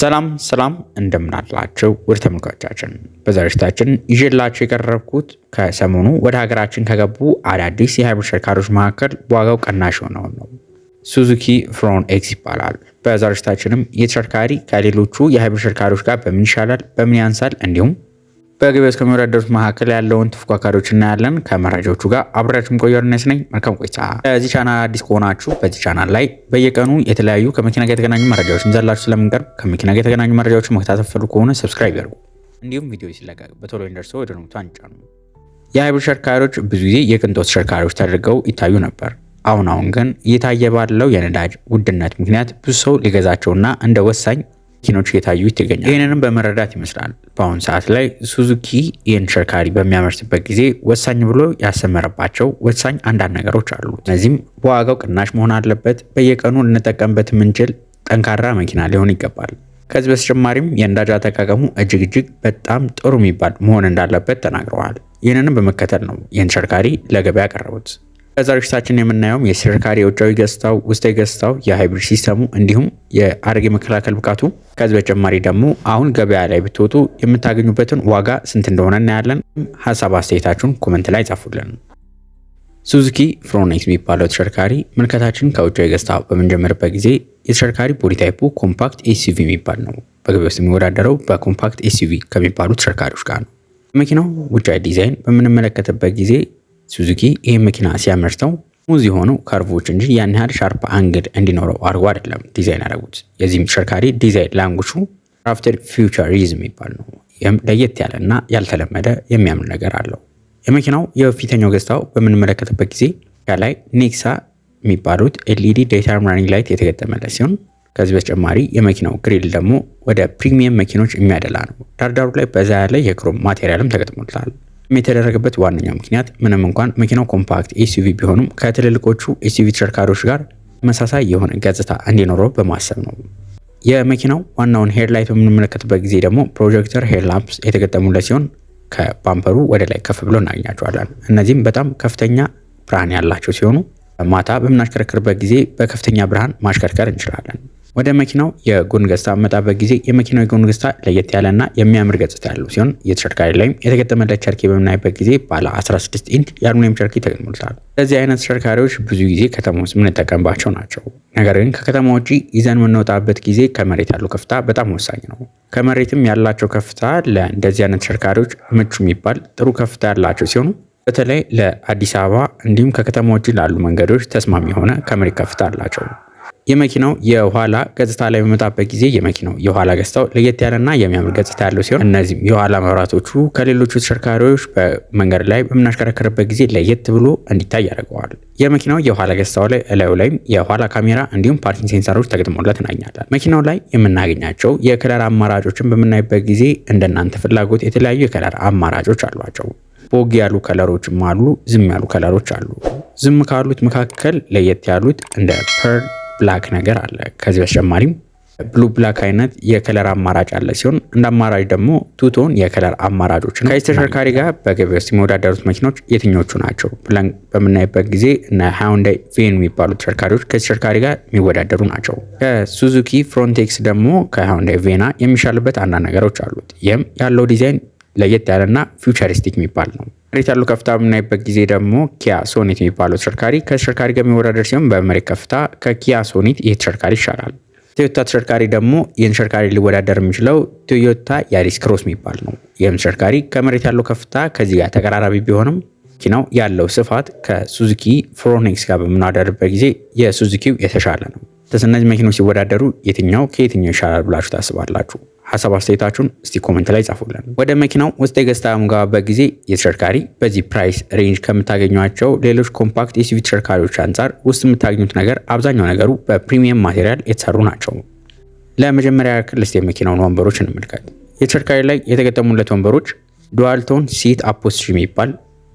ሰላም ሰላም እንደምናላቸው ውድ ተመልካቾቻችን፣ በዛሬው ዝግጅታችን ይዤላችሁ የቀረብኩት ከሰሞኑ ወደ ሀገራችን ከገቡ አዳዲስ የሃይብሪድ ተሽከርካሪዎች መካከል በዋጋው ቀናሽ የሆነውን ነው። ሱዙኪ ፍሮን ኤክስ ይባላል። በዛሬው ዝግጅታችንም የተሽከርካሪ ከሌሎቹ የሃይብሪድ ተሽከርካሪዎች ጋር በምን ይሻላል፣ በምን ያንሳል፣ እንዲሁም በግብ እስከሚወዳደሩት መካከል ያለውን ተፎካካሪዎች እናያለን። ከመረጃዎቹ ጋር አብራችሁም ቆዩ። ነኝ። መልካም ቆይታ። በዚህ ቻናል አዲስ ከሆናችሁ በዚህ ቻናል ላይ በየቀኑ የተለያዩ ከመኪና ጋር የተገናኙ መረጃዎች እንዘላችሁ ስለምንቀርብ ከመኪና ጋር የተገናኙ መረጃዎች መከታተል ከሆነ ሰብስክራይብ ያርጉ። እንዲሁም ቪዲዮ ሲለቀቅ በቶሎ እንደርሰው ወደ ኖቱ አንጫኑ። የሃይብሪድ ተሽከርካሪዎች ብዙ ጊዜ የቅንጦት ተሽከርካሪዎች ተደርገው ይታዩ ነበር። አሁን አሁን ግን እየታየ ባለው የነዳጅ ውድነት ምክንያት ብዙ ሰው ሊገዛቸውና እንደ ወሳኝ መኪኖች እየታዩት ይገኛል። ይህንንም በመረዳት ይመስላል በአሁኑ ሰዓት ላይ ሱዙኪ ይህን ተሽከርካሪ በሚያመርትበት ጊዜ ወሳኝ ብሎ ያሰመረባቸው ወሳኝ አንዳንድ ነገሮች አሉ። እነዚህም በዋጋው ቅናሽ መሆን አለበት፣ በየቀኑ ልንጠቀምበት የምንችል ጠንካራ መኪና ሊሆን ይገባል። ከዚህ በተጨማሪም የነዳጅ አጠቃቀሙ እጅግ እጅግ በጣም ጥሩ የሚባል መሆን እንዳለበት ተናግረዋል። ይህንንም በመከተል ነው ይህን ተሽከርካሪ ለገበያ ያቀረቡት። በዛሬው ዝግጅታችን የምናየውም የተሽከርካሪ የውጫዊ ገጽታው፣ ውስጣዊ ገጽታው፣ የሃይብሪድ ሲስተሙ እንዲሁም የአደጋ መከላከል ብቃቱ ከዚህ በተጨማሪ ደግሞ አሁን ገበያ ላይ ብትወጡ የምታገኙበትን ዋጋ ስንት እንደሆነ እናያለን። ሀሳብ አስተያየታችሁን ኮመንት ላይ ጻፉልን። ሱዙኪ ፍሮኔክስ የሚባለው ተሽከርካሪ ምልከታችን ከውጫዊ ገጽታ በምንጀምርበት ጊዜ የተሽከርካሪ ቦዲ ኮምፓክት ኤስዩቪ የሚባል ነው። በገበያ ውስጥ የሚወዳደረው በኮምፓክት ኤስዩቪ ከሚባሉ ተሽከርካሪዎች ጋር ነው። መኪናው ውጫዊ ዲዛይን በምንመለከትበት ጊዜ ሱዙኪ ይህ መኪና ሲያመርተው ሙዝ የሆኑ ከርቮች እንጂ ያን ያህል ሻርፕ አንግድ እንዲኖረው አድርጎ አይደለም ዲዛይን ያደረጉት። የዚህም ተሽከርካሪ ዲዛይን ላንጉቹ ክራፍትድ ፊውቸሪዝም የሚባል ነው። ይህም ለየት ያለ እና ያልተለመደ የሚያምር ነገር አለው። የመኪናው የፊተኛው ገጽታው በምንመለከትበት ጊዜ ከላይ ኔክሳ የሚባሉት ኤልኢዲ ዴይታይም ራኒንግ ላይት የተገጠመለት ሲሆን ከዚህ በተጨማሪ የመኪናው ግሪል ደግሞ ወደ ፕሪሚየም መኪኖች የሚያደላ ነው። ዳርዳሩ ላይ በዛ ያለ የክሮም ማቴሪያልም ተገጥሞልታል። የተደረገበት ዋነኛው ምክንያት ምንም እንኳን መኪናው ኮምፓክት ኤስዩቪ ቢሆኑም ከትልልቆቹ ኤስዩቪ ተሽከርካሪዎች ጋር ተመሳሳይ የሆነ ገጽታ እንዲኖረው በማሰብ ነው። የመኪናው ዋናውን ሄድላይት በምንመለከትበት ጊዜ ደግሞ ፕሮጀክተር ሄድላምፕስ የተገጠሙለት ሲሆን ከባምፐሩ ወደ ላይ ከፍ ብሎ እናገኛቸዋለን። እነዚህም በጣም ከፍተኛ ብርሃን ያላቸው ሲሆኑ ማታ በምናሽከረክርበት ጊዜ በከፍተኛ ብርሃን ማሽከርከር እንችላለን። ወደ መኪናው የጎን ገጽታ በመጣበት ጊዜ የመኪናው የጎን ገጽታ ለየት ያለና የሚያምር ገጽታ ያለው ሲሆን የተሽከርካሪ ላይም የተገጠመለት ቸርኬ በምናይበት ጊዜ ባለ 16 ኢንች የአሉሚኒየም ቸርኪ ተገጥሞለታል። ለዚህ አይነት ተሽከርካሪዎች ብዙ ጊዜ ከተማ ውስጥ የምንጠቀምባቸው ናቸው። ነገር ግን ከከተማ ውጪ ይዘን የምንወጣበት ጊዜ ከመሬት ያለው ከፍታ በጣም ወሳኝ ነው። ከመሬትም ያላቸው ከፍታ ለእንደዚህ አይነት ተሽከርካሪዎች ምቹ የሚባል ጥሩ ከፍታ ያላቸው ሲሆኑ በተለይ ለአዲስ አበባ እንዲሁም ከከተማ ውጪ ላሉ መንገዶች ተስማሚ የሆነ ከመሬት ከፍታ አላቸው። የመኪናው የኋላ ገጽታ ላይ በመጣበት ጊዜ የመኪናው የኋላ ገጽታው ለየት ያለና የሚያምር ገጽታ ያለው ሲሆን እነዚህም የኋላ መብራቶቹ ከሌሎቹ ተሽከርካሪዎች በመንገድ ላይ በምናሽከረከርበት ጊዜ ለየት ብሎ እንዲታይ ያደርገዋል። የመኪናው የኋላ ገጽታው ላይ እላዩ ላይም የኋላ ካሜራ እንዲሁም ፓርኪንግ ሴንሰሮች ተገጥሞለት እናገኛለን። መኪናው ላይ የምናገኛቸው የከለር አማራጮችን በምናይበት ጊዜ እንደናንተ ፍላጎት የተለያዩ የከለር አማራጮች አሏቸው። ቦግ ያሉ ከለሮችም አሉ፣ ዝም ያሉ ከለሮች አሉ። ዝም ካሉት መካከል ለየት ያሉት እንደ ፐርል ብላክ ነገር አለ። ከዚህ በተጨማሪም ብሉ ብላክ አይነት የከለር አማራጭ አለ ሲሆን እንደ አማራጭ ደግሞ ቱቶን የከለር አማራጮች ከዚህ ተሽከርካሪ ጋር በገበያ ውስጥ የሚወዳደሩት መኪኖች የትኞቹ ናቸው ብለን በምናይበት ጊዜ እነ ሃዩንዳይ ቬን የሚባሉ ተሽከርካሪዎች ተሽከርካሪ ጋር የሚወዳደሩ ናቸው። ከሱዙኪ ፍሮንቴክስ ደግሞ ከሃዩንዳይ ቬና የሚሻልበት አንዳንድ ነገሮች አሉት። ይህም ያለው ዲዛይን ለየት ያለና ፊውቸሪስቲክ የሚባል ነው። መሬት ያለው ከፍታ በምናይበት ጊዜ ደግሞ ኪያ ሶኔት የሚባለው ተሽከርካሪ ከተሽከርካሪ ጋር የሚወዳደር ሲሆን በመሬት ከፍታ ከኪያ ሶኔት ይህ ተሽከርካሪ ይሻላል። ቶዮታ ተሽከርካሪ ደግሞ ይህን ተሽከርካሪ ሊወዳደር የሚችለው ቶዮታ ያሪስ ክሮስ የሚባል ነው። ይህም ተሽከርካሪ ከመሬት ያለው ከፍታ ከዚህ ጋር ተቀራራቢ ቢሆንም መኪናው ያለው ስፋት ከሱዙኪ ፍሮኒክስ ጋር በምናወዳደርበት ጊዜ የሱዙኪው የተሻለ ነው። ተስነዚህ መኪኖች ሲወዳደሩ የትኛው ከየትኛው ይሻላል ብላችሁ ታስባላችሁ? ሀሳብ አስተያየታችሁን እስቲ ኮመንት ላይ ጻፉልን። ወደ መኪናው ውስጥ የገዝታ በምገባበት ጊዜ የተሽከርካሪ በዚህ ፕራይስ ሬንጅ ከምታገኟቸው ሌሎች ኮምፓክት ኤስዩቪ ተሽከርካሪዎች አንጻር ውስጥ የምታገኙት ነገር አብዛኛው ነገሩ በፕሪሚየም ማቴሪያል የተሰሩ ናቸው። ለመጀመሪያ ያክል የመኪናውን ወንበሮች እንመልከት። የተሽከርካሪ ላይ የተገጠሙለት ወንበሮች ዱዋልቶን ሲት አፖስሽን የሚባል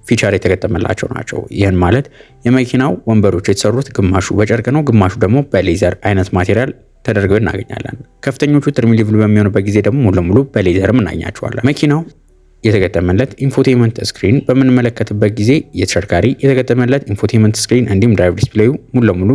ፊቸር የተገጠመላቸው ናቸው። ይህን ማለት የመኪናው ወንበሮች የተሰሩት ግማሹ በጨርቅ ነው፣ ግማሹ ደግሞ በሌዘር አይነት ማቴሪያል ተደርገው እናገኛለን። ከፍተኞቹ ትርሚ ሌቭል በሚሆንበት ጊዜ ደግሞ ሙሉ ለሙሉ በሌዘርም እናገኛቸዋለን። መኪናው የተገጠመለት ኢንፎቴመንት ስክሪን በምንመለከትበት ጊዜ የተሽከርካሪ የተገጠመለት ኢንፎቴመንት ስክሪን እንዲሁም ድራይቭ ዲስፕሌዩ ሙሉ ለሙሉ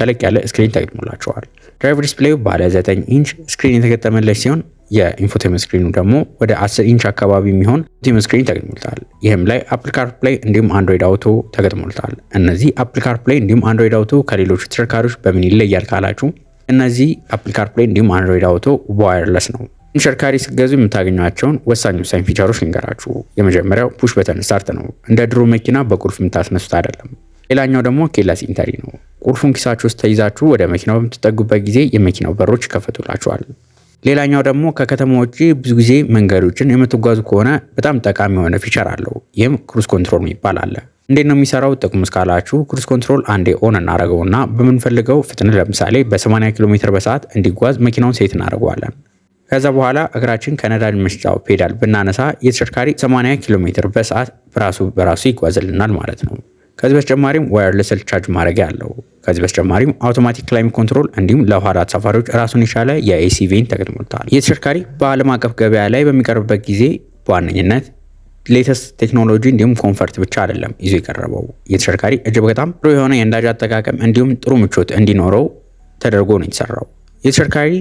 ተለቅ ያለ ስክሪን ተገጥሞላቸዋል። ድራይቭ ዲስፕሌዩ ባለ 9 ኢንች ስክሪን የተገጠመለት ሲሆን የኢንፎቴመንት ስክሪኑ ደግሞ ወደ 10 ኢንች አካባቢ የሚሆን ኢንፎቴመንት ስክሪን ተገጥሞልታል። ይህም ላይ አፕል ካርፕላይ እንዲሁም አንድሮይድ አውቶ ተገጥሞልታል። እነዚህ አፕል ካርፕላይ እንዲሁም አንድሮይድ አውቶ ከሌሎቹ ተሽከርካሪዎች በምን ይለያል ካላችሁ እነዚህ አፕል ካርፕሌይ እንዲሁም አንድሮይድ አውቶ ዋይርለስ ነው። ተሽከርካሪ ስገዙ የምታገኟቸውን ወሳኝ ወሳኝ ፊቸሮች ልንገራችሁ። የመጀመሪያው ፑሽ በተን ስታርት ነው። እንደ ድሮ መኪና በቁልፍ የምታስነሱት አይደለም። ሌላኛው ደግሞ ኬለስ ኢንተሪ ነው። ቁልፉን ኪሳችሁ ውስጥ ተይዛችሁ ወደ መኪናው በምትጠጉበት ጊዜ የመኪናው በሮች ይከፈቱላችኋል። ሌላኛው ደግሞ ከከተማ ውጭ ብዙ ጊዜ መንገዶችን የምትጓዙ ከሆነ በጣም ጠቃሚ የሆነ ፊቸር አለው። ይህም ክሩዝ ኮንትሮል ይባላል። እንዴት ነው የሚሰራው? ጥቅሙ እስካላችሁ ክሩዝ ኮንትሮል አንዴ ኦን እናደረገውና በምንፈልገው ፍጥነት ለምሳሌ በ80 ኪሎ ሜትር በሰዓት እንዲጓዝ መኪናውን ሴት እናደርገዋለን። ከዛ በኋላ እግራችን ከነዳጅ መስጫው ፔዳል ብናነሳ የተሽከርካሪ 80 ኪሎ ሜትር በሰዓት በራሱ በራሱ ይጓዝልናል ማለት ነው። ከዚህ በተጨማሪም ዋየርለስ ቻርጅ ማድረጊያ አለው። ከዚህ በተጨማሪም አውቶማቲክ ክላይም ኮንትሮል እንዲሁም ለኋላ ተሳፋሪዎች ራሱን የቻለ የኤሲ ቬን ተገጥሞልታል። የተሽከርካሪ በዓለም አቀፍ ገበያ ላይ በሚቀርብበት ጊዜ በዋነኝነት ሌተስት ቴክኖሎጂ እንዲሁም ኮንፈርት ብቻ አይደለም ይዞ የቀረበው የተሽከርካሪ እጅግ በጣም ጥሩ የሆነ የነዳጅ አጠቃቀም እንዲሁም ጥሩ ምቾት እንዲኖረው ተደርጎ ነው የተሰራው። የተሽከርካሪ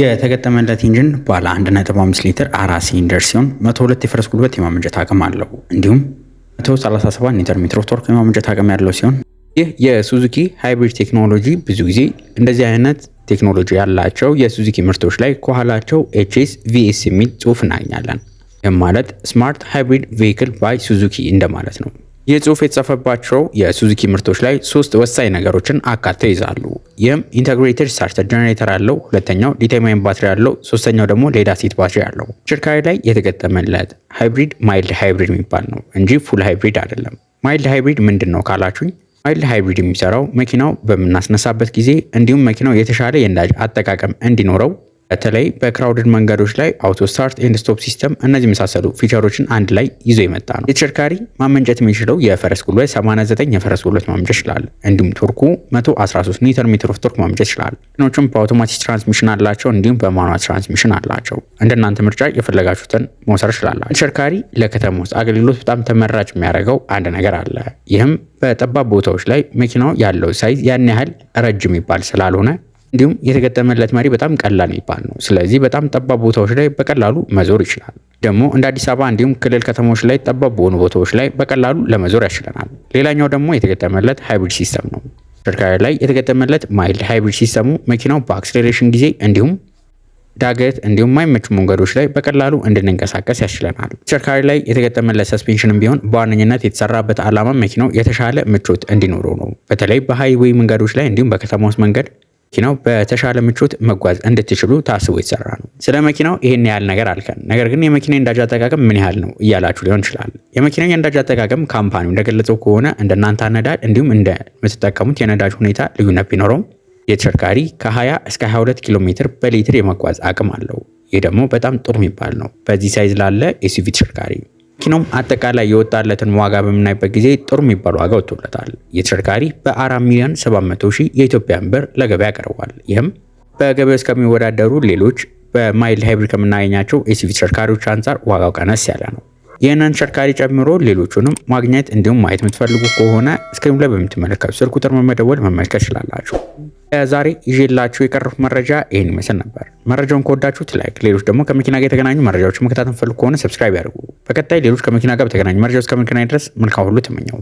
የተገጠመለት ኢንጂን ባለ 1.5 ሊትር አራት ሲሊንደር ሲሆን 102 የፈረስ ጉልበት የማመንጨት አቅም አለው። እንዲሁም 137 ኒውተን ሜትር ቶርክ የማመንጨት አቅም ያለው ሲሆን ይህ የሱዙኪ ሃይብሪድ ቴክኖሎጂ ብዙ ጊዜ እንደዚህ አይነት ቴክኖሎጂ ያላቸው የሱዙኪ ምርቶች ላይ ከኋላቸው ኤችኤስ ቪኤስ የሚል ጽሑፍ እናገኛለን። ማለት ስማርት ሃይብሪድ ቬሂክል ባይ ሱዙኪ እንደማለት ነው። ይህ ጽሁፍ የተጻፈባቸው የሱዙኪ ምርቶች ላይ ሶስት ወሳኝ ነገሮችን አካተው ይዛሉ። ይህም ኢንተግሬትድ ስታርተር ጀኔሬተር አለው፣ ሁለተኛው ሊቲየም ባትሪ አለው፣ ሶስተኛው ደግሞ ሌዳ ሴት ባትሪ አለው። ተሽከርካሪ ላይ የተገጠመለት ሃይብሪድ ማይልድ ሃይብሪድ የሚባል ነው እንጂ ፉል ሃይብሪድ አይደለም። ማይልድ ሃይብሪድ ምንድን ነው ካላችሁኝ ማይልድ ሃይብሪድ የሚሰራው መኪናው በምናስነሳበት ጊዜ እንዲሁም መኪናው የተሻለ የነዳጅ አጠቃቀም እንዲኖረው በተለይ በክራውድድ መንገዶች ላይ አውቶ ስታርት ኤንድ ስቶፕ ሲስተም፣ እነዚህ የመሳሰሉ ፊቸሮችን አንድ ላይ ይዞ የመጣ ነው። የተሽከርካሪ ማመንጨት የሚችለው የፈረስ ጉልበት 89 የፈረስ ጉልበት ማመንጨት ይችላል። እንዲሁም ቶርኩ 113 ኒውተን ሜትር ኦፍ ቶርክ ማመንጨት ይችላል። ኖቹም በአውቶማቲክ ትራንስሚሽን አላቸው፣ እንዲሁም በማኑዋል ትራንስሚሽን አላቸው። እንደናንተ ምርጫ የፈለጋችሁትን መውሰድ ይችላላል። ተሽከርካሪ ለከተማ ውስጥ አገልግሎት በጣም ተመራጭ የሚያደርገው አንድ ነገር አለ። ይህም በጠባብ ቦታዎች ላይ መኪናው ያለው ሳይዝ ያን ያህል ረጅም ይባል ስላልሆነ እንዲሁም የተገጠመለት መሪ በጣም ቀላል የሚባል ነው። ስለዚህ በጣም ጠባብ ቦታዎች ላይ በቀላሉ መዞር ይችላል። ደግሞ እንደ አዲስ አበባ እንዲሁም ክልል ከተሞች ላይ ጠባብ በሆኑ ቦታዎች ላይ በቀላሉ ለመዞር ያስችለናል። ሌላኛው ደግሞ የተገጠመለት ሃይብሪድ ሲስተም ነው። ተሽከርካሪ ላይ የተገጠመለት ማይልድ ሃይብሪድ ሲስተሙ መኪናው በአክስሌሬሽን ጊዜ እንዲሁም ዳገት እንዲሁም ማይመቹ መንገዶች ላይ በቀላሉ እንድንንቀሳቀስ ያስችለናል። ተሽከርካሪ ላይ የተገጠመለት ሰስፔንሽንም ቢሆን በዋነኝነት የተሰራበት ዓላማ መኪናው የተሻለ ምቾት እንዲኖረው ነው። በተለይ በሃይዌይ መንገዶች ላይ እንዲሁም በከተማ ውስጥ መንገድ መኪናው በተሻለ ምቾት መጓዝ እንድትችሉ ታስቦ የተሰራ ነው። ስለ መኪናው ይህን ያህል ነገር አልከን፣ ነገር ግን የመኪና የነዳጅ አጠቃቀም ምን ያህል ነው እያላችሁ ሊሆን ይችላል። የመኪናው የነዳጅ አጠቃቀም ካምፓኒው እንደገለጸው ከሆነ እንደናንተ አነዳድ እንዲሁም እንደምትጠቀሙት የነዳጅ ሁኔታ ልዩነት ቢኖረውም የተሽከርካሪ ከ20 እስከ 22 ኪሎ ሜትር በሊትር የመጓዝ አቅም አለው። ይህ ደግሞ በጣም ጥሩ የሚባል ነው በዚህ ሳይዝ ላለ ኤስዩቪ ተሽከርካሪ መኪናውም አጠቃላይ የወጣለትን ዋጋ በምናይበት ጊዜ ጥሩ የሚባል ዋጋ ወጥቶለታል። በ4 ሚሊዮን 700 ሺህ የኢትዮጵያን ብር ለገበያ ቀርቧል። ይህም በገበያ ውስጥ ከሚወዳደሩ ሌሎች በማይል ሃይብሪድ ከምናገኛቸው ኤስዩቪ ተሽከርካሪዎች አንጻር ዋጋው ቀነስ ያለ ነው። ይህንን ተሽከርካሪ ጨምሮ ሌሎቹንም ማግኘት እንዲሁም ማየት የምትፈልጉ ከሆነ እስክሪኑ ላይ በምትመለከቱ ስልክ ቁጥር መመደወል መመልከት ይችላላችሁ። ዛሬ ይዤላችሁ የቀረፉ መረጃ ይህን ይመስል ነበር። መረጃውን ከወዳችሁት ላይክ፣ ሌሎች ደግሞ ከመኪና ጋር የተገናኙ መረጃዎች መከታተል ፈልጉ ከሆነ ሰብስክራይብ ያድርጉ። በቀጣይ ሌሎች ከመኪና ጋር በተገናኙ መረጃዎች እስከምንገናኝ ድረስ መልካም ሁሉ ተመኘው።